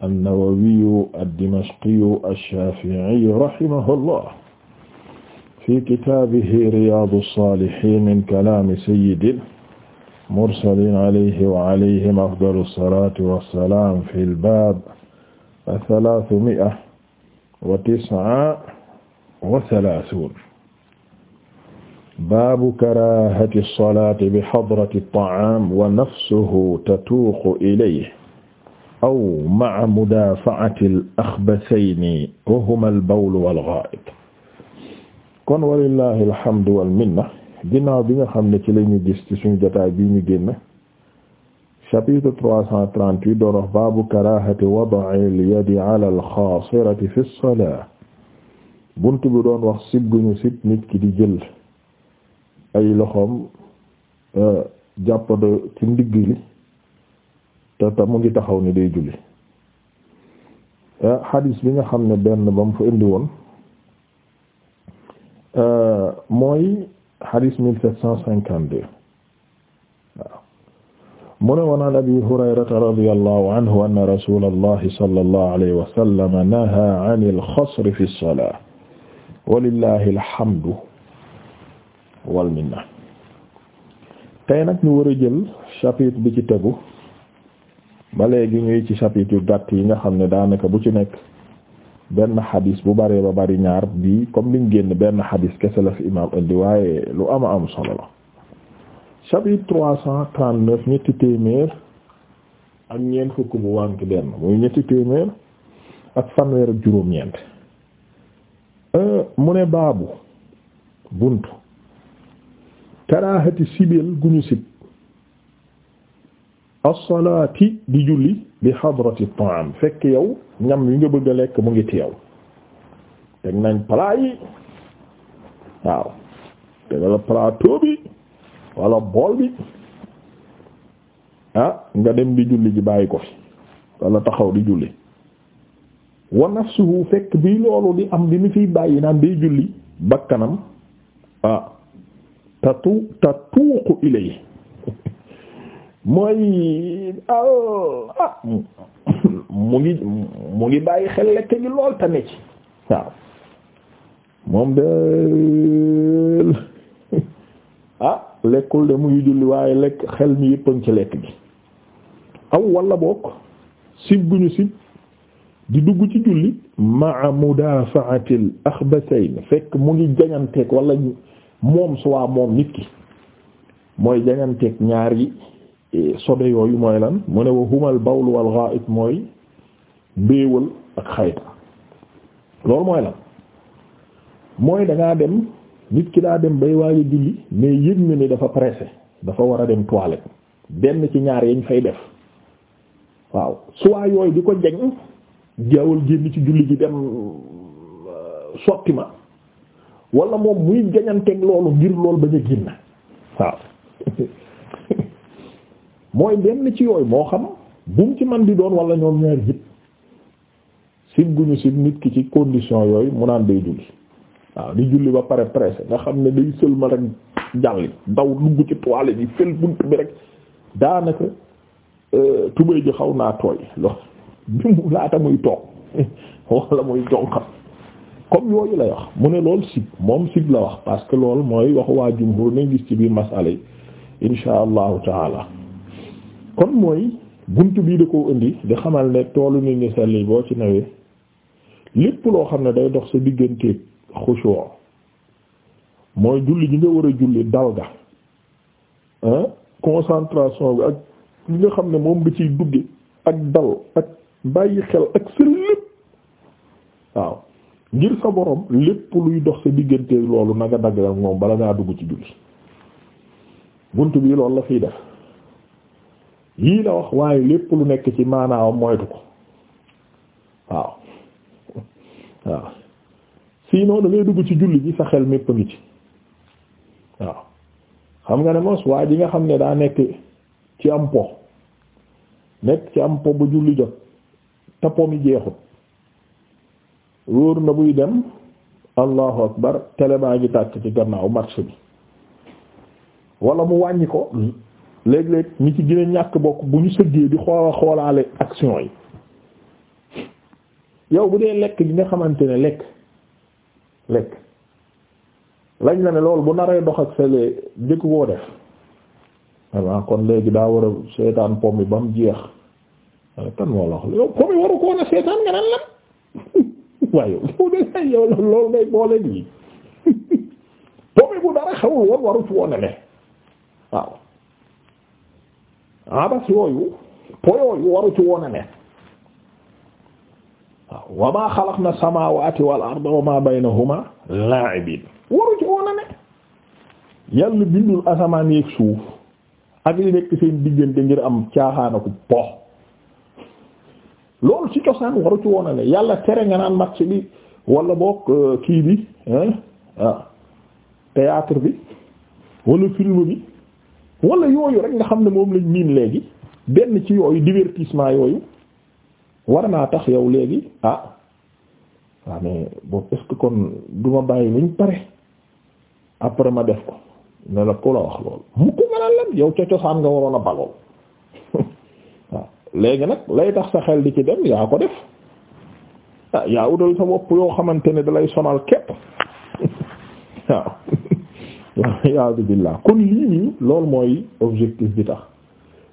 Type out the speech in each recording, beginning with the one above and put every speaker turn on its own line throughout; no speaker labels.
an-Nawawiyu ad-Dimashqiyu ash-Shafi'iyu rahimahullah fi kitaabihi Riyaadu s-Saalihiin min kalaami sayyidil mursaliin alayhi wa alayhim afdalu s-salaati wa s-salaam fil baab ath-thalaath mi'a wa tis'a wa thalaathuun baabu karaahati s-salaati bi hadrati t-ta'aam wa nafsuhu tatuuqu ilayhi aw ma mudaafa'ati al-akhbathayni wa huma al-bawl wal-ghaa'it kon walillahi alhamdu wal minna ginnaaw bi nga xam ne ci la ñu gis ci suñu jotaay bi ñu génn chapitre 338 doon wax baabu karaahati wax sib guñu sib nit ki di jël ay loxoom euh, jàppandoo ci ndigg te te mu ngi taxaw ni day julli hadis eh, bi nga xam ne benn ba indi woon eh, mooy hadis mille sept cent cinquante-deux mu ne woon an abi hurayrata radiyallahu anhu anna rasulallahi sallallahu alayhi wa sallam naha an al-xasri fi as-salaat walillahi alhamdu wal minna tey nag ñu war a jël chapitre bi ci tegu ba léegi ñuy ci chapitre gàtt yi nga xam ne daanaka bu ci nekk benn xadis bu baree ba bari ñaar bii comme liñ génn benn xadis kese la fi imam indi waaye lu ama am solo la chapitre trois cent trente-neuf ñetti téeméer ak ñeent fukk bu wànk benn muy ñetti téeméer ak fanweer ak juróom-ñeent euh, mu ne baabu bunt karaahati sibil guñu sib as-salaati di julli bi hadrati ta'am fekk yow ñam wi nga bëgg a lekk mu ngi teew teg nañ plat yi waaw tegal plateau bi wala bool bi ah nga dem di julli ji bàyyi ko fi wala taxaw di julli wa nafsuhu fekk bi loolu di am bi mu fiy bàyyi naan day julli bakkanam ah tatu tatuuqu ilayhi mooy ah, ah mu ngi mu ngi bàyyi xel lekk gi lool tamit ci waaw moom de ah lekkul de mu ngi julli waaye lekk xel mi yëppan ci lekk gi aw wala bokk sib gu ñu sib di dugg ci julli maa mudafaatil axbasayn fekk mu ngi jañanteeg wala moom su waa moom nit ki mooy jañanteeg ñaar yi sobe yooyu mooy lan mu ne wa humal bawl mooy mbéewal ak xayta loolu mooy lan mooy da dem nit ki daa dem bay waaye julli mais yëg na ni dafa pressé dafa war a dem toilette benn ci ñaar yañ fay def waaw soit yooyu di ko jeñ jaawal génn ci julli gi dem euh, sotti ma wala moom muy jañanteeg loolu ngir lool bañ a génn waaw mooy benn ci yooyu moo xam bu mu ci man di doon walla ñoom ñaar yëpp sib guñu sib nit ki ci condition yooyu mu naan day julli waaw di julli ba pare pressé nga xam ne day sëlma rek jàlli daw dugg ci toile bi fël bunt bi rek daanaka euh, tubéy ji xaw naa tooy lool bi mu laata muy toog wala muy jonqam comme yooyu lay wax mu ne lool sib moom sib la wax parce que loolu mooy waxu waa jumhur nañ gis ci biir masala yi insha allahu taala kon mooy buntu bii da koo indi di xamal ne toolu nit ñi sell boo ci nawee lépp loo xam ne day dox sa digganteeg xushu' mooy julli gi nga war a julli dal ga ah concentration bi ak li nga xam ne moom nga ciy dugge ak dal ak bàyyi xel ak sa lépp waaw ngir sa borom lépp luy dox sa digganteeg loolu na nga dagg moom bala ngaa dugg ci julli bunt bii lool la fiy def yii la wax waaye lépp lu nekk ci maanaawam moytu ko waaw waaw sinon da ngay dugg ci julli ji sa xel mépp ngi ci waaw xam nga ne mos waa ji nga xam ne daa nekk ci am po nekk ci am po ba julli jot te po mi jeexut wóor na buy dem allahu akbar télé baa ngi tàkk ci gannaaw marché bi walla mu wàññi ko léeg-léeg ñi ci gën ñàkk bokk bu ñu sëggee di xoola xoolaale action yi yow bu dee lekk gi nga xamante ne lekk lekk lañ la ne loolu bu naree dox ak sele jëkk koo def voilà kon léegi daa war a seetaan pom bi ba mu jeex kan moo a seetaan nga naan lan waaye yow loolu ngay boole nii pom bu dara xewul woon waru ci woon ne waaw abas yooyu po yooyu waru ci woon waaw wa maa xalaqna samaawaati wal arda wa maa baynahuma laa'ibiin waru ci woon yàlla bindul asamaan yeeg suuf ak li nekk seen diggante ngir am caaxaana ko po loolu ci cosaan waru ci woon yàlla tere nga naan match bi wala boog euh, kii bi ah, théâtre bi wala film bi wala yooyu rek nga xam ne moom lañ niin léegi benn ci yooyu divertissement yooyu war naa tax yow léegi ah waaw mais boobu est-ce que kon duma bàyyi luñ pare après ma def ko ne la ko la wax loolu mu ko mënal lan yow ca cosaan nga waroon a balool waaw léegi nag lay tax sa xel di ci dem yaa ko def ah yaa utal sa bopp yoo xamante ne dalay sonal képp waaw waliyasu billah kon lii nii loolu mooy objectif bi tax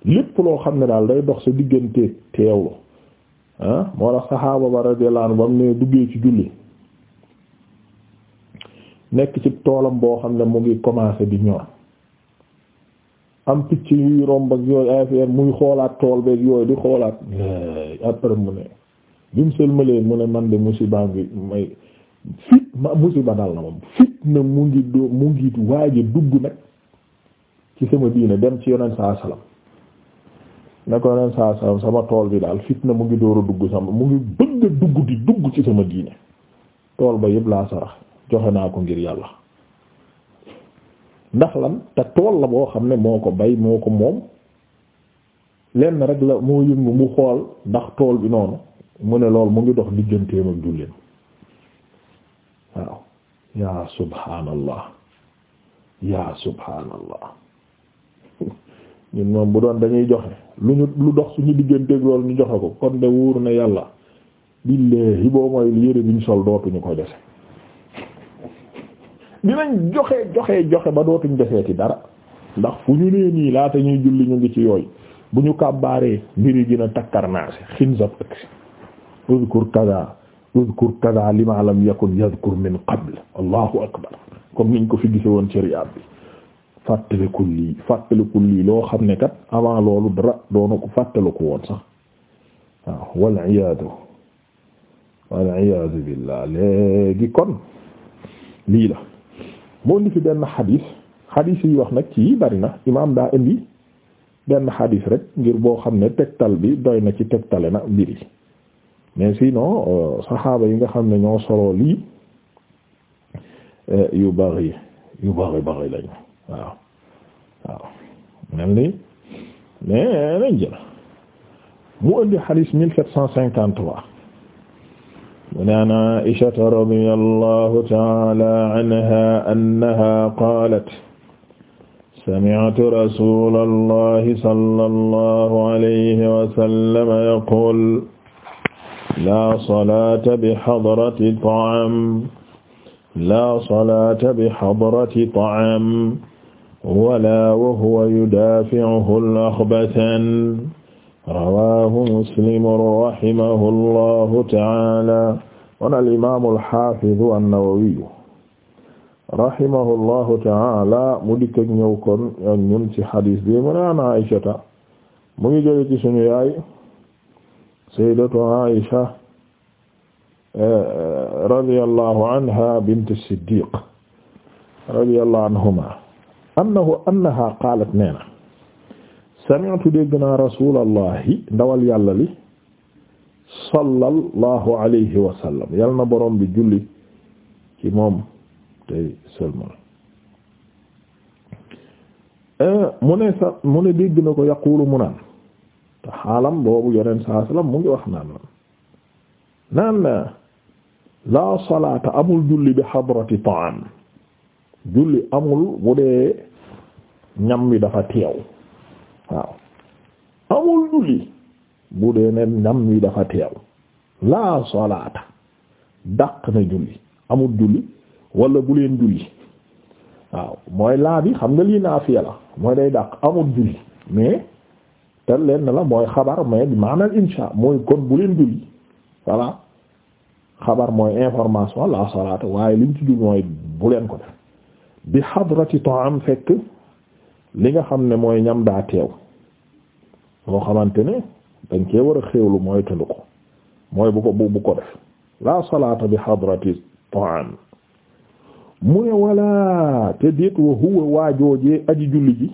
lépp loo xam ne daal day dox sa diggante teewlu ah moo tax saxaaba ba radiyallahu anhu ba mu ne duggee ci julli nekk ci toolam boo xam ne mu ngi commencé di ñor am picc yuy romb ak yooyu affaire muy xoolaat tool beeg yooyu di xoolaat après mu ne bi mu sëlmalee mu ne man de musiba bi may fitna ba dal na moom fitna mu ngi doo mu ngi waaja dugg nag ci sama diine dem ci yonent saa salaam ne ko yonent saa salaam sama tool bi daal fit na mu ngi door a dugg sama mu ngi bëgg a dugg di dugg ci sama diine tool ba yépp laa sarax joxe naa ko ngir yàlla ndax lan te tool la boo xam ne moo ko bay moo ko moom lenn rek la moo yëngu mu xool ndax tool bi noonu mu ne lool mu ngi dox digganteem ak julleen waaw yaa subhaanallah yaa subhaanallah ñun moom bu doon dañuy joxe lu ñu lu dox suñu digganteeg loolu ñu joxe ko kon de wóor na yàlla billaahi boo mooy yére biñ sol dootuñu ko dese dinañ joxe joxe joxe ba dootuñ deseeti dara ndax fu ñu nee nii laata ñuy julli ñu ngi ci yooyu bu ñu kàbbaaree mbiri gina a takkarnaase xinzab ak si uzkur kaza uzkur kaza lima lam yakun yazkur min qabl allahu akbar comme niñ ko fi gise woon ci riyaad bi fàttalikul lii fàttalikul lii loo xam ne kat avant loolu dara doona ko fàttaliku woon sax waaw wal iyaadu wal iyaadu billah léegi kon lii la moo indi fi benn xadis xadis yi wax nag ci bari na imaam daa indi benn xadis rek ngir boo xam ne tegtal bi doy na ci tegtale na mbir yi mais sinon euh, saxaaba yi nga xam ne ñoo solo lii euh, yu bari yu bari bari lañu waaw waaw mel ni mais lañ jël mu indi xadiis mille sept cent cinquante-trois عن عائشة رضي الله تعالى عنها أنها قالت سمعت رسول الله صلى الله عليه وسلم يقول laa salaata bi hadrati ta'aam laa salaata bi hadrati ta'aam wala wa huwa yudaafi'uhu al-akhbathaan rawaahu muslim rahimahu llaahu ta'aalaa wa al-imaamu al-haafidu an-nawawiyu rahimahu llaahu ta'aalaa mu dikk ak ñëw kon ak ñun ci hadiis bi mu naan Aysata mu ngi jële ci sunu yaay sayyidatu Aisha eh, eh, radiyallahu anha bint as-Siddiq radiyallahu anhuma annahu annaha qaalat neena sami'tu dégg naa rasulallahi ndawal yàlla li sallallahu alayhi wa sallam yal na boroom bi julli ci moom tey seulement eh, mu ne sa mu ne dégg na ko yaqulu mu naan te xaalam boobu yoneen saa salaam mu ngi wax naan naan laa salaata amul julli bi xadrati ta'am amul bu dee ñam wi dafa teew waaw amul julli bu dee ne ñam wi dafa teew laa salaata dàq na julli amul julli wala bu leen julli waaw mooy laa bi xam nga lii naa fiya la mooy day dàq amul julli mais te leen la mooy xabar mais maanaam insha mooy kon bu leen julli voilà xabar mooy information la salaata waaye liñ ci jug mooy bu leen ko def bi hadrati ta'am fekk li nga xam ne mooy ñam daa teew loo xamante ne dañ cee war a xéewlu mooy tënd ko mooy bu ko bu ko def la salaata bi hadrati ta'am mu ne wala te déet wa huwa aji julli ji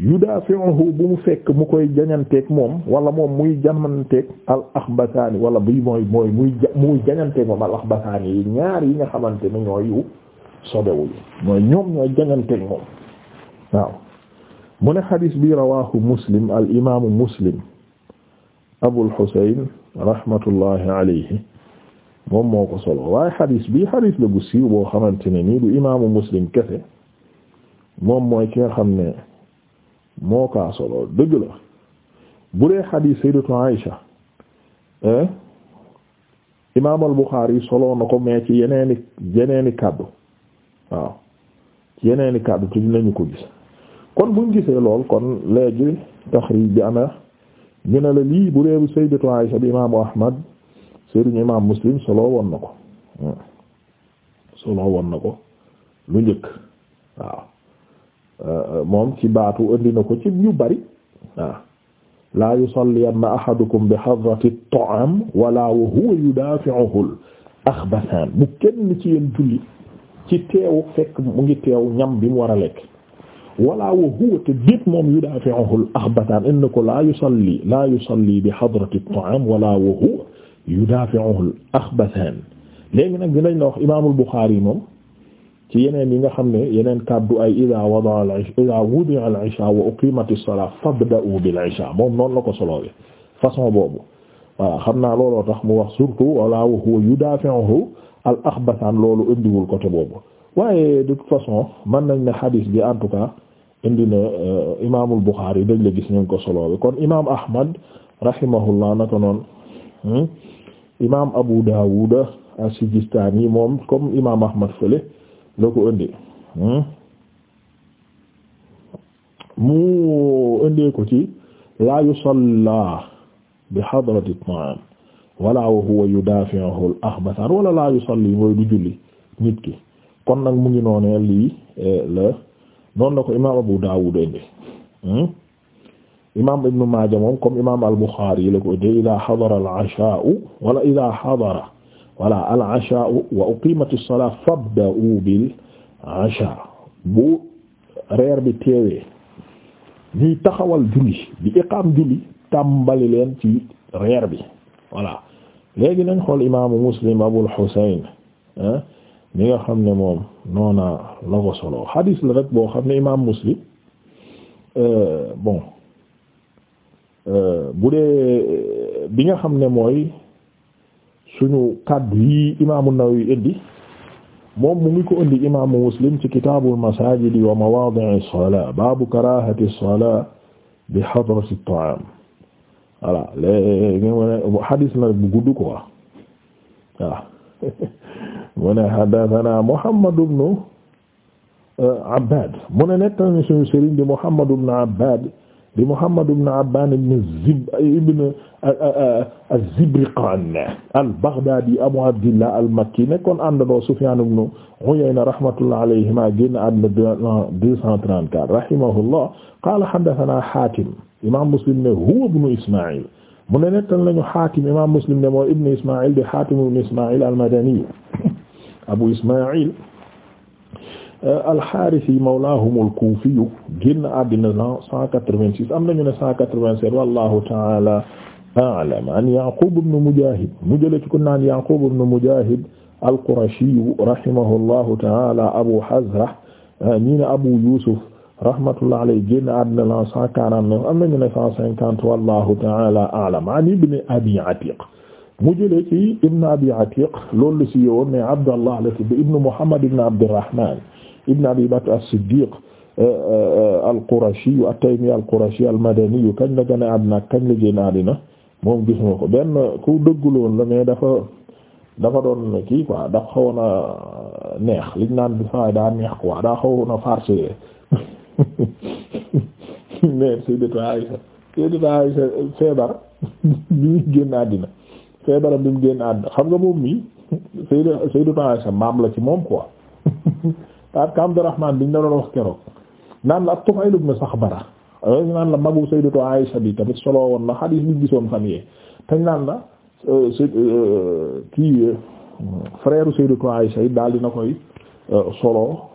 yudafi'uhu bu mu fekk mu koy jañanteeg moom wala moom muy jañanteeg al axbasaani wala bii mooy mooy muy muy jañanteeg moom al axbasaani yi ñaar yi nga xamante ne ñooy yu sobewul mooy ñoom ñooy jañanteeg moom waaw mu ne xadis bi rawahu muslim al imaamu muslim abul xusayn rahmatullahi alayhi moom moo ko solo waaye xadis bi xadis la bu siiw boo xamante ne nii du imaamu muslim kese moom mooy ki nga xam ne moo kaa solo dëgg la bu dee xadiis sayyidatu Aïsha imaam al-Bukhari solo na ko mais ci yeneeni yeneeni kàddu waaw ci yeneeni kàddu te dinañu ko gis kon buñ gisee lool kon léegi taxriij bi ana ñu ne la lii bu dee sayyidatu Aïsha bi imaamu Ahmad sayyidunaa imaam Muslim solo woon na ko hmm. solo woon na ko lu njëkk waaw Euh, moom ci baatu indi na ko ci yu bari waaw ah. laa yusalliyanna ahadukum bi hadrati at-ta'am wala wa huwa yudafi'uhu al-akhbathan bu kenn ci yéen julli ci teewu fekk mu ngi teew ñam bi mu war a lekk wala wa huwa te déet moom yudafi'uhu al-akhbathan inna ko laa yusalli laa yusalli bi hadrati at-ta'am wala wa huwa yudafi'uhu al-akhbathan léegi nag dinañ la wax imaamul Bukhari moom ci yeneen yi nga xam ne yeneen kàddu ay ida wada al isha ida wudi al isha wa uqimat as salat fabda'u bil isha moom noonu la ko soloowe façon boobu waaw xam naa looloo tax mu wax surtout wala wa huwa yudafi'uhu al akhbathan loolu indiwul côté boobu waaye de toute façon mën nañ ne hadith bi en tout cas indi na euh, imaamul Bukhari dañ la gis ñu ngi ko soloowe kon imaam Ahmad rahimahullah naka noonu hmm? imaam Abu Dawud as moom comme imaam Ahmad fële la ko indi hmm? mu indee ko ci la yusalla bi hadrati ta'am wala wa huwa yudafi'uhu al-akhbathar wala la yusalli mooy du julli nit ki kon nag mu ngi noonee lii eh, la noonu la ko imaam Abu Dawud indi hmm? imaam Ibn Maaja moom comme imaam al-Bukhari idaa hadara al wala idaa hadara voilà al asha wa uqimati salaa fabda'u bil asha bu reer bi teewee ñuy taxawal julli bi iqaam julli tàmbali leen ci reer bi voilà léegi nañ xool imaamu muslim abul husayn xam ne moom noona la ko solo hadis la rek boo xam ne imaam muslim euh, euh, bu dee bi nga xam ne mooy sunu kaddu yi imaamu Nawawi indi moom mu ngi ko indi imaamu Muslim ci kitaabul masaajidi wa mawaadi'i salaa baabu karaahati salaa bi hadrati ta'aam voilà léegi na bu gudd quoi voilà mu Muhammad ibn Abbaad mu ne nettali suñu sëriñ Muhammad ibn Abbaad di Muhammad ibn Abbaan ibn Zib ibn az-Zibriqaan al-Baghdaadi Abu Abdillah al-Makki nekkoon àndandoo Sufyaan ibn Uyayna rahmatullah alayhima génn àdduna deux cent trente-quatre rahimahullah qaala haddathanaa Haatim imaam Muslim ne huwa ibn Ismaa'iil mu ne nettan lañu Haatim imaam Muslim ne mooy ibn Ismaa'iil di Haatim ibn Ismaa'iil al-Madani Abu Ismaa'iil Euh, alxaaris yi mawlaahum al-Kuufi yu génn àddina lan cent quatre-vingt-six am nañu ne cent quatre-vingt-sept wallahu ta'ala a'lam an Ya'quub ibn Mujaahid mu jële ci ko naan Ya'quub ibn Mujaahid al-Qurashi rahimahullahu ta'ala Abu Hazra euh, ñi ne Abu Yuusuf rahmatullah alayhi génn àddina lan cent quarante-neuf am nañu ne cent cinquante wallahu ta'ala a'lam an ibn Abi Atiq mu jëlee ci ibn Abi Atiq loolu la si yowoon mais Abdallah la tudd ibn Muhammad ibn Abdurrahman ibn Abi Bakr a siddiq euh, euh, al-Qurashi at-Taymi al-Qurashi al-Madani kañ la gën a àddina kañ la génn àddina moom gis ko benn ku dëggul woon la mais dafa dafa doon kii quoi dafa xawoon a neex liñ naan saa daa neex quoi daa xawoon a farcé mais Sayyidatu Aïsha Sayyidatu Aïsha feebar bi mu génn àddina feebaram bi mu génn àddina xam nga moom mii Sayyidatu Aïsha maam la ci moom quoi. parce que Abdurrahman biñ la doon wax keroog naan la ak Tufayl ibn Saxbara yooyu naan la magu Sayyidatu Aisha bi tamit solo woon na xadiis bi gisoon fan yee tañ naan la euh, euh, kii euh, frère Sayyidatu Aisha yi daal dina koy solo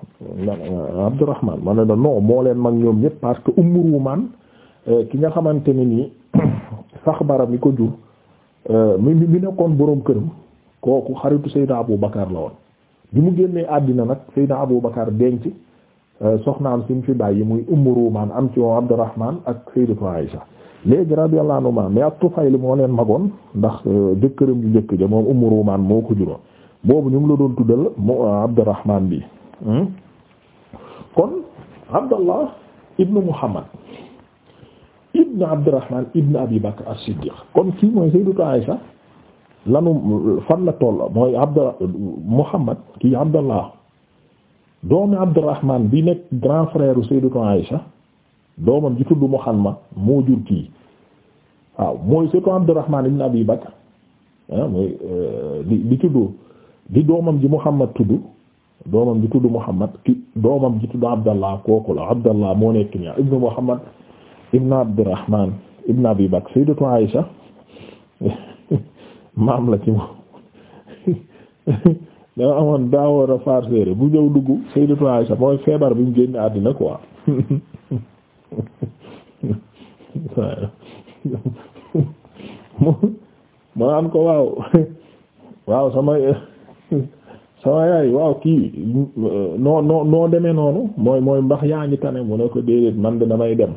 Abdurrahman ma ne la moo leen mag ñoom ñëpp parce que Ummu Ruumaan ki nga xamante ne nii Saxbara mi ko jur mi mi nekkoon boroom këram kooku xaritu Sayyidina Abu Bakar la woon bi mu génnee àddina nag Seydina Aboubacar denc euh, soxnaam si mu fi bàyyi muy Ummu Ruumaan am ci moom Abdurrahman ak Sayyidatu Aïcha léegi radiyallahu anhuma mais ak Tufayl moo leen magoon ndax euh, jëkkëram ju njëkk ja moom Ummu Ruumaan moo ko juróom boobu ñu ngi la doon tuddal mu euh, Abdurrahman bi hmm? kon Abdallah ibnu Muhammad ibnu Abdurrahman ibnu Abi Bakr as-Siddiq kon kii mooy Sayyidatu Aïcha lanu fan la toll mooy Abdou Muhammad kii Abdallah doomi Abdurrahman bi nekk grand frère u Sayyidatu Aïcha doomam ji tudd Muhammad moo jur kii waaw mooy Sayyidatu Abdurrahman ibn Abi Bakr ah mooy euh, di di doomam ji Muhammad tudd doomam ji tudd Muhammad ki doomam ji tudd Abdallah kooku la Abdallah moo nekk nii ibn Muhammad ibn Abdurrahman ibn Abi Bakr Sayyidatu Aïcha maam la ci moom dama amoon daawoon a faar séeré bu ñëw dugg Sayyidatu Aisha mooy feebar bi mu génn àddina quoi mu naan ko waaw waaw sama sama yaay waaw kii euh, noo noo noo demee noonu mooy mooy mbax yaa ngi tane mu ne ko déedéet man de damay dem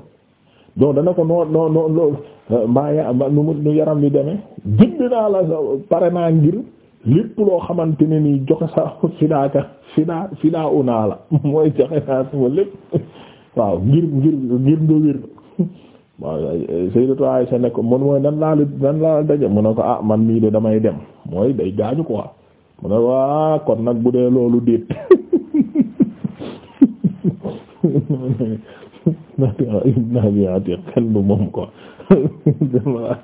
donc dana ko noo noo noo euh, yaram bi demee jënd naa la pare naa ngir lépp loo xamante ne nii joxe sa fidaaka fidaa fidaa u naa la mooy joxe naa sama lépp waaw ngir ngir ngir nga wér waaw Sayyidatu Aisha ne ko mooy nan laa la nan laa la mu ne ko ah man nii de damay dem mooy day gaañu quoi mu ne ko ah kon nag bu dee loolu déet ibn Abi Atiq kenn du moom ko Abdallah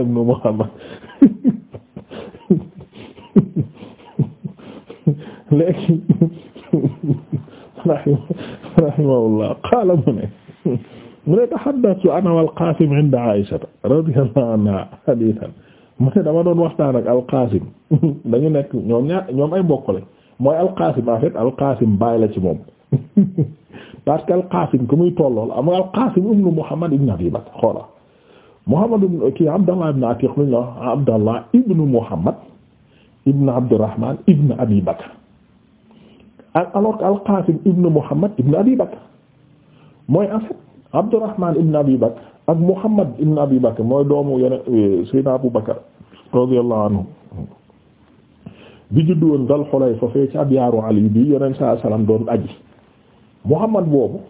ibn Muhammad léegi rahimahullah qaala mu ne mu ne tahaddathtu ana wal Qaasim inda Aïsha radiyallahu anha hadithan mu ne dama doon waxtaan ak al Qaasim dañu nekk ñoom ñaar ñoom ay mbokk lañ mooy al Qaasim en fait al Qaasim baay la ci moom parce que al-Qasim ku muy tollool am al-Qasim ibnu Muhammad ibnu Abi Bakr xoola Muhammad ibnu kii Abdallah ibnu Atiq lu ñu la Abdallah ibnu Muhammad ibnu Abdurrahman ibnu Abi Bakr alors que al-Qasim ibnu Muhammad ibnu Abi Bakr mooy en fait Abdurrahman ibnu Abi Bakr ak Muhammad ibnu Abi Bakr mooy doomu yeneen euh, Sayyidina Abu Bakr radiyallahu anhu bi juddu woon Dul Hulayfa fee ci ab yaaru Ali bi yeneen saa salaam doon aji. Muhammad boobu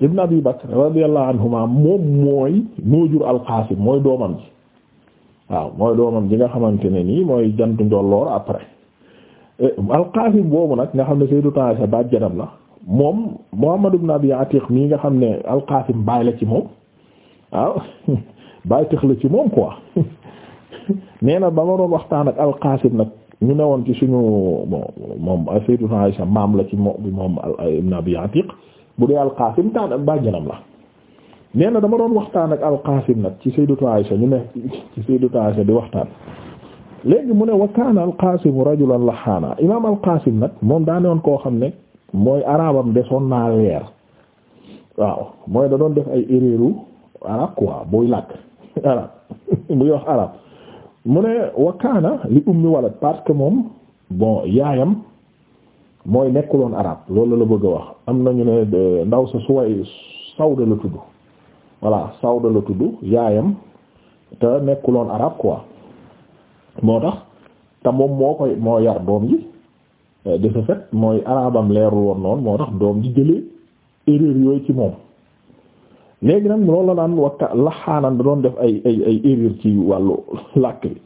ibn Abi Bakr radiyallahu anhuma moom mooy moo jur al-Qasim mooy doomam ji waaw mooy doomam ji nga xamante ne nii mooy jant njolloor après eh, al-Qasim boobu nag nga xam ne du Sayyidatu Aisha bàjjanam la moom Muhammad ibn Abi Atiq mii nga xam ne al-Qasim baay la ci moom waaw baay tëx la ci moom quoi nee na ba ma doon waxtaan ak al-Qasim nag ñu newoon ci suñu bon moom Sayyidatuna Aisha maam la ci moom ay Abi Atiq bu dee Al-Qasim taan bàjjanam la nee na dama doon waxtaan ak Al-Qasim nag ci Sayyidatuna Aisha ñu ne ci Sayyidatuna Aisha di waxtaan léegi mu ne wa kaana Al-Qasim rajulan lahaana imaam Al-Qasim nag moom daa woon koo xam ne mooy arabam desoon naa leer waaw mooy da doon def ay erreur arab quoi booy làkk arab muy wax arab mu ne wakaana li ummi walad parce que moom bon yaayam mooy nekkuloon arab loolu la bëgg a wax am na ñu ne euh, ndaw sa suway sawda la tudd voilà sawda la tudd yaayam te nekkuloon arab quoi moo tax te moom moo koy moo yar doom ji euh, de ce mooy arabam leeru woon noonu moo tax doom ji jëlee erreur yooyu ci moom léegi nag loolu la daan wakka laxaanan da doon def ay ay ay erreur ci wàllu làkk bi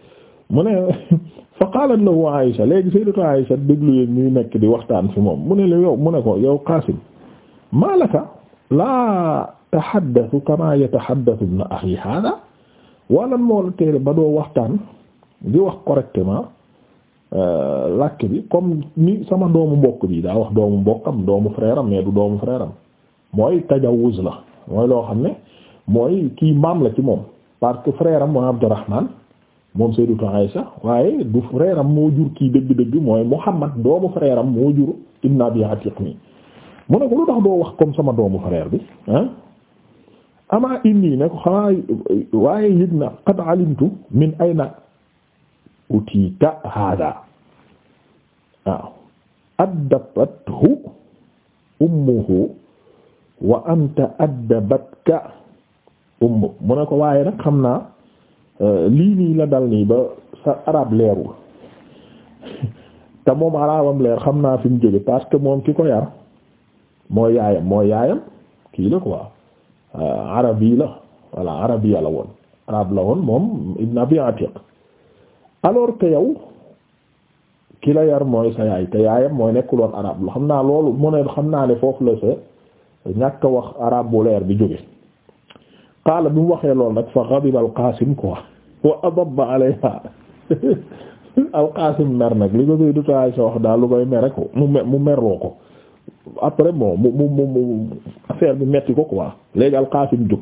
mu ne fa qalat lahu Aïsha léegi sayyidatu Aïsha déglu yéen ñuy nekk di waxtaan fi moom mu ne la yow mu ne ko yow Qaasim maa laka laa tahaddathu kama yatahaddathu ibn akhi hada wala moo waxtaan di wax correctement euh, làkk bi comme ni sama doomu mbokk bi daa wax doomu mbokkam doomu frère am mais du doomu frère am mooy tajawuz la mooy loo xam ne mooy kii maam la ci moom parce que frère am mooy Abdurrahman moom Sayyidatu Aisha waaye du frère moo jur kii dëgg-dëgg mooy Muhammad doomu frère moo jur Ibn Abi Atiq nii mu ne ko lu tax doo wax comme sama doomu frère bi ah ama inni ne ko xamaa waaye yëg na qad alimtu min ayna utiita hada waaw addabathu ummuhu wa anta addabatka ummuk mu ne ko waaye nag xam naa euh, lii nii la dal nii ba sa arab leerul te moom arabam leer xam naa fi mu jóge parce que moom ki ko yar mooy yaayam mooy yaayam kii la quoi euh, arabi la la woon arab la woon moom ibn abi atiq alors que yow ki la yar mooy sa yaay te yaayam mooy nekkuloon arab la xam naa loolu mu ne xam naa ne foofu la sa ñàkk a wax arabe bu bi jóge qaala bi mu waxee lool nag fa ghadiba al-Qaasim quoi wa adabba alayha al-Qaasim mer nag li ko doy dutaay sa wax daal lu koy mere ko mu mu ko après bon mu mu mu affaire bi metti ko quoi léegi al jóg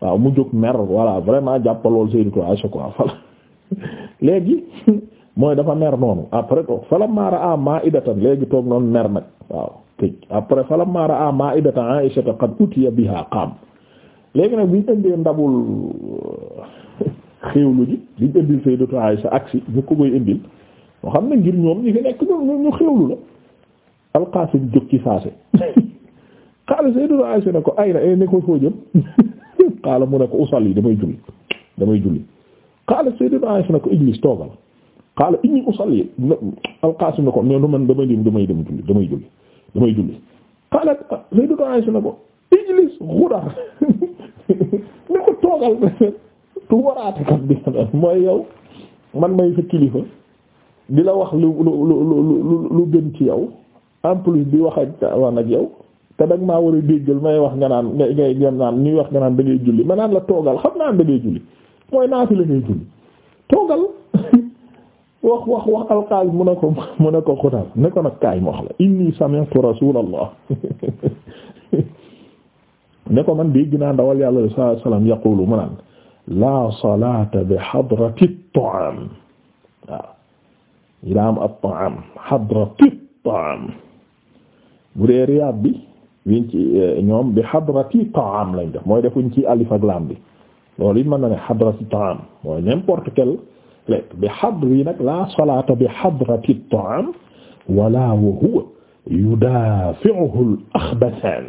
waaw mu jóg mer voilà vraiment jàppalool Sayyidatu Aisha quoi fala léegi mooy dafa mer noonu après ko fala maara a maa idatan léegi toog noonu mer nag waaw tëj après falammaa ra'a maa'idata Aisha qad utiya biha qaam léegi nag biñ ëndee ndabul euh, xéewlu ji liñ ëndil sayyidatu moo xam ne ngir ñoom ñi fi nekk ñoom ñu xéewlu la alqaasim jóg ci saase ko ayna eh, ne ko foo jëm qaala mu ne ko usalli damay julli damay julli qaala sayyidatu Aisha ne ko ijlis toogal ko mais lu man damay dem damay dem julli damay julli damay julli xaalat Sayyidatu Aisha na ko ijlis xudar ni ko toogal tu waraate kat bi mooy yow man may sa kilifa di la wax lu lu lu lu gën ci yow en plus di wax ak wax ak yow te dag maa war a déggal may wax nga naan nga ngay gën naan ñuy wax nga naan da ngay julli ma naan la toogal xam naan da ngay julli mooy naafila ngay julli toogal wax wax wax alqaali mu ne ko mu ne ko kaay ma wax la inni sami'tu rasulallah ne ko man dégg naa ndawal yàlla sallallahu alayhi wasallam mu naan la salata bi hadrati at-ta'am waaw ila am at-ta'am hadrati at-ta'am bi wiñ ci eh, ñoom bi hadrati ta'am mooy defuñ ci alif ak bi loolu it mën na ne mooy n'importe quel lekk bi xadri nag la salaata bi xadrati taam wala wa huwa yudaafi'uhu al axbathan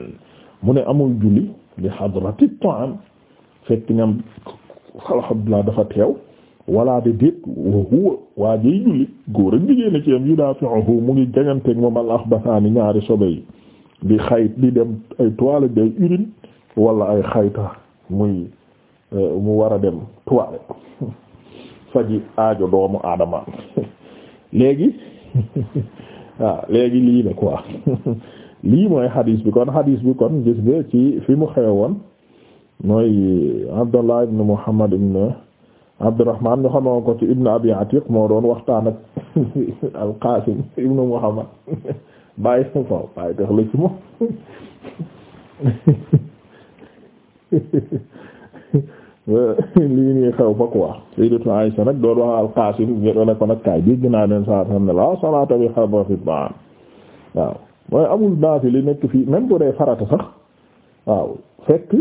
mu ne amul julli bi xadrati taam fekk ñam alhamdulillah dafa teew wala bi déet wa huwa waa jay julli góor ak jigéen a ci yam mu ngi jaganteeg moom al axbathaani ñaari sobe di xayt di dem ay toilette day urine wala ay xayta muy euh, mu war dem toilette faji aajo doomu aadama léegi waaw ah, léegi lii la ko lii mooy hadis bi kon hadis bi kon gis nga ci fi mu woon mooy Abdallah ibn Muhammad ibn Abdurrahman ñu xamoon ko ci ibn Abi Atiq moo doon waxtaan ak al-Qasim ibn Muhammad bàyyi faw bàyyi tax la ci moom Euh, lii nii xew fa quoi Sayyidatu Aisha nag doon wax al-Qasim ne ko nag kaay dégg naa leen saa ah, salaata bi xaba fi ba'd waaw mooy amul baax li nekk fii même bu dee farata sax waaw fekk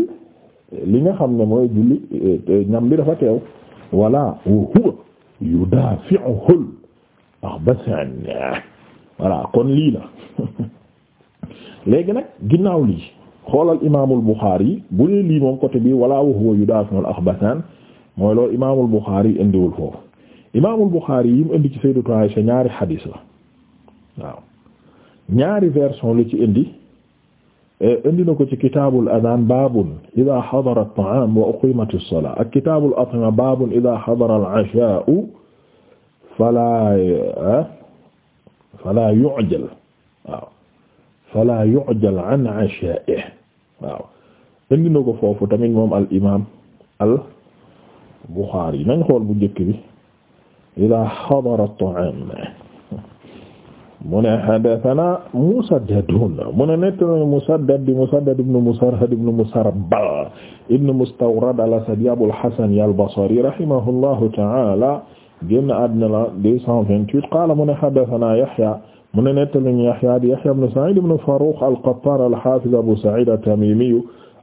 li nga xam ne mooy julli euh, euh, ñam bi dafa teew wala huwa yudafi'uhu al-akhbasan voilà kon lii la léegi nag ginnaaw lii xoolal imaamul Bukhari bu dee lii moom côté bi wala wa huwa yudaafi'u al-akhbathan mooy loolu imaamul Bukhari indiwul foofu imaamul Bukhari yi mu indi ci Sayyidatu Aisha ñaari xadiis la waaw ñaari version la ci indi eh, indi na ko ci kitaabul adaan baabun idaa hadara at-ta'aam wa uqiimat as-salaa ak kitaabul at'ima baabun idaa hadara al-'ashaa'u falaa eh, falaa yu'jal waaw fala yu'jal an asha'ih waaw indi na ko foofu tamit moom al imaam al Buxaari nañ xool bu njëkk bi idaa hadara at-ta'aam mu ne haddasanaa Musaddadun mu ne nett na Musaddad di Musaddad ibn Musarhad ibn Musarbal ibn Mustawrad al-Asadi Abul Hasan al-Basri rahimahullahu ta'aala génn àddina la 228 qaala mu ne haddasanaa Yahya mu ne nettali ñu Yahya di Yahya ibn Sa'id ibn Farrukh al-Qattan al-Hafiz Abu Sa'id at-Tamimi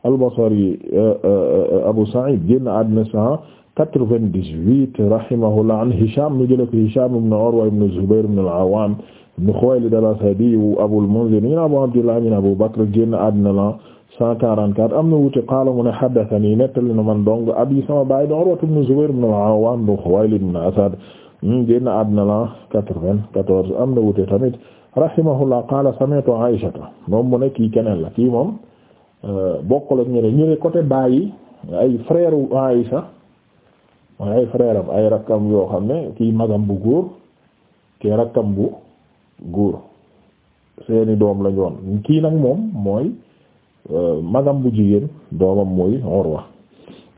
al-Basri euh, euh, euh, Abu Sa'id génn àddina cent quatre-vingt-dix-huit rahimahullah an Hisham ñu jële ko Hisham ibn Urwa ibn Zubayr ibn al-Awwam ibn Khuwaylid al-Asadi Abu al-Munzir ñu Abu Abdillah ibn Abu Bakr génn àddina la cent quarante-quatre am na wuute qaala mu ne haddathani nettali na man dong abi sama baay Urwa ibn Zubayr ibn al-Awwam ibn Khuwaylid ibn Asad ñu génn àdduna la quatre-vingt-quatorze am na wute tamit la qala sami'tu Aïshata moom mu ne kii keneen la kii moom euh, bokkul ak ñu ne côté bàyyi ay frère u Aïsha mooy ay frère ay rakkam yoo xam ne kii magam bu góor kii rakkam bu góor seeni doom la ñoon kii nag moom mooy euh, magam bu jigéen doomam mooy Urwa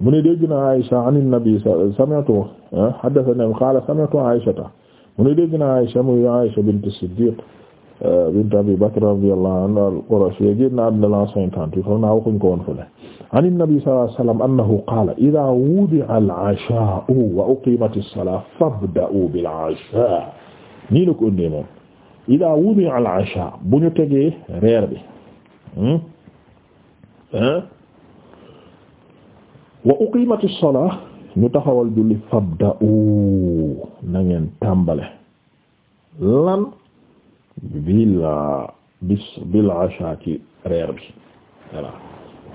mu ne dégg na Aïsha anin nabi sami'tu Ah, haddathana qala sami'tu Aysata mu ne dégg naa Aysa muy Aysa bint Siddiq euh, bint Abi Bakr radiyallahu anha al-Qurashiyya génn na àddina la cinquante-huit foog naa waxuñ ko woon fële an an-nabi sallallahu alayhi wa sallam annahu qala idha wudi'a al-'asha'u wa uqimat as-salatu fabda'u bil-'asha' nii la ko ëndee moom idha wudi'a al-'asha' bu ñu tegee reer bi hmm? wa uqimat as-salatu ñu taxawal julli fabda'u na ngeen tàmbale lan bil bis bil asha ci reer bi voilà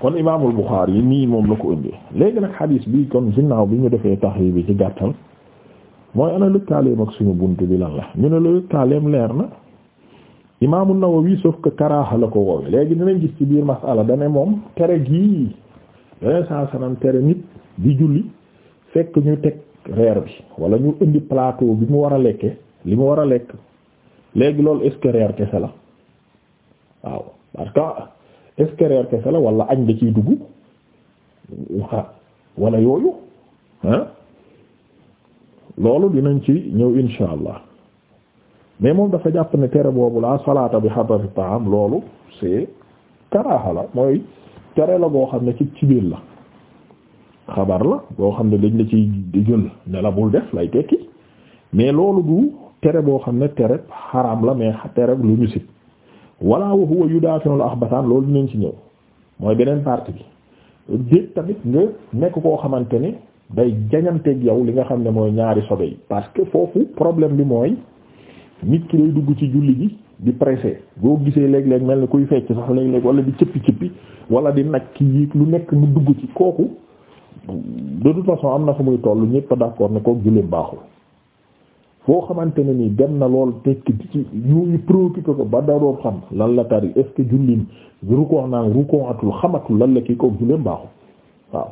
kon imaamul yi nii moom la ko indi léegi nag xadiis bi kon ginnaaw bi ñu defee tax yi bi ci gàttal mooy ana lëkkaaleem ak suñu bunt bi lan la ñu ne la lëkkaaleem leer na imaamu Nawawi sauf que karaaxa la ko woowe léegi dinañ gis ci biir masala dane moom tere gii yeneen saa sanam tere nit di julli fekk ñu teg reer bi wala ñu indi plateau bi mu war a lekke li mu war a lekk léegi loolu est kese la waaw parce que kese la wala añ da ciy dugg wala yooyu ah loolu dinañ ci ñëw insha allah mais moom dafa jàpp ni tere boobu laa salaata bi xadari taam loolu c'est karaaxa la mooy tere la boo xam ne ci ci biir la xabar la boo xam ne dañ la ci jën ne la bul def lay tekki mais loolu du tere boo xam ne tere xaraam la mais tere lu ñu sit wala wa huwa yudafi'ul akhbathan loolu dinañ ci ñëw mooy beneen partie bi déet tamit nga nekk koo xamante ni day jañanteeg yow li nga xam ne mooy ñaari sobe yi parce que foofu problème bi mooy nit ki lay dugg ci julli gi di pressé boo gisee léeg-léeg mel ni kuy fecc sax léeg-léeg wala di cëppi cëppi wala di nag ki yéeg lu nekk mu dugg ci kooku de toute façon am na fu muy toll ñëpp a d'accord ne ko julleem baaxul foo xamante ne nii dem na lool tekki ci yooyu préoccupé ko ba daroon xam lan la tari est-ce que jullim rukkoo naan rukkoo atul xamatul lan ko julleem baaxul waaw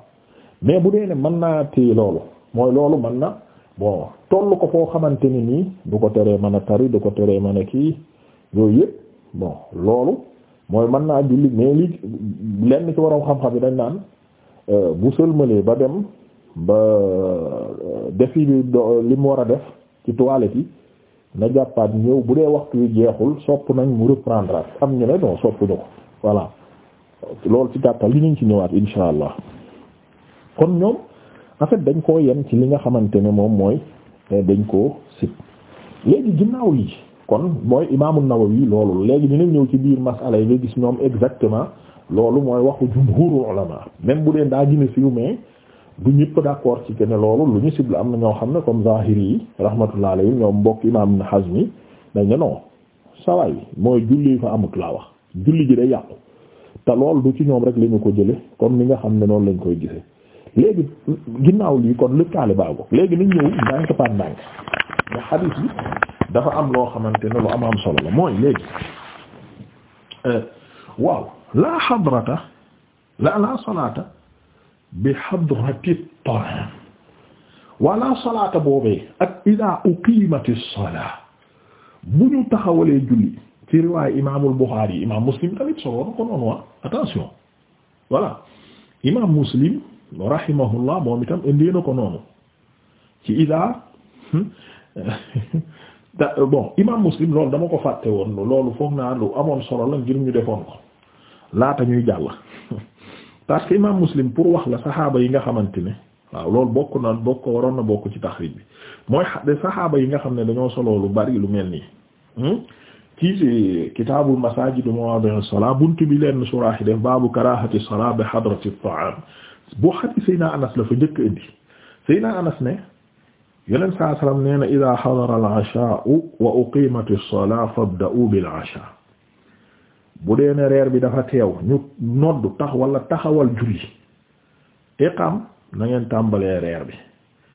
mais bu dee ne mën naa téye loolu mooy loolu mën na bon toll ko foo xamante ne nii du ko teree mën a tari du ko teree mën a kii yooyu yëpp bon loolu mooy mën naa julli mais li lenn ci waroon xam-xam yi dañ naan. Euh, bu sëlmalee ba dem ba euh, defi do li mu war a def ci toilette yi na jàppaat ñëw bu dee waxtu yu jeexul sopp nañ mu reprendre am ñu ne non soppuñu ko voilà loolu ci gàttal li ñu ci ñëwaat insha allah kon ñoom en fait dañ koo yem ci li nga xamante ne moom mooy eh, dañ koo sib léegi ginnaaw lii kon mooy imaamu Nawawi loolu léegi dinañ ñëw ci biir masala yi nga gis ñoom exactement loolu mooy waxu jumhurul ulama même bu dee daa gën a siiw mais du ñëpp d'accord ci que loolu lu ñu sibla am na ñoo xam ne comme zahiri yi rahmatullah alayhi ñoom mbokk imam Ibn Hazm yi dañ ne non saway mooy julli fa amut laa wax julli ji day yàqu te loolu du ci ñoom rek la ko jële comme ni nga xam ne noonu lañ koy gisee léegi ginnaaw lii kon lëkkaale baago léegi nañ ñëw ndànk par ndànk nga xadiis bi dafa am loo xamante ne lu am am solo la mooy léegi euh, waaw la xadrata la la salaata bi xadrati taam wala salaata boobee ak ida uqiimati salaa bu ñu taxawalee julli ci riwaay imaamul Buxaari imaam Muslim tamit solo na ko noonu wa ah, attention voilà imaam Muslim rahimahullah moom itam indi ko noonu hmm, imaam Muslim loolu dama ko fàtte woon loolu foog naa lu amoon solo la ngir ñu defoon ko laata ñuy jàll parce que imam muslim pour la saxaaba yi nga xamante ne waaw bokk na bokk na bokk ci taxrib bi mooy de saxaaba yi nga xam ne dañoo solo lu bari lu mel nii hmm? ci kitaabul masaajid mawaadi'u salaa bunt bi leen suraax yi def baabu karaahati salaa bi hadrati ta'aam Anas la fa njëkk indi Seydina Anas ne yeneen saa salaam nee idaa hadara al wa uqiimati as-salaa fabda'uu bil-'ashaa' bu dee ne reer bi dafa teew ñu noddu tax wala taxawal julli iqam na ngeen tàmbalee reer bi